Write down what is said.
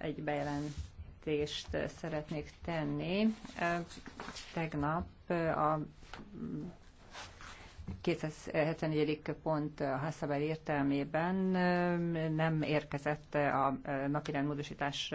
egy bejelentést szeretnék tenni. Tegnap a 274. pont a értelmében nem érkezett a napirend módosítás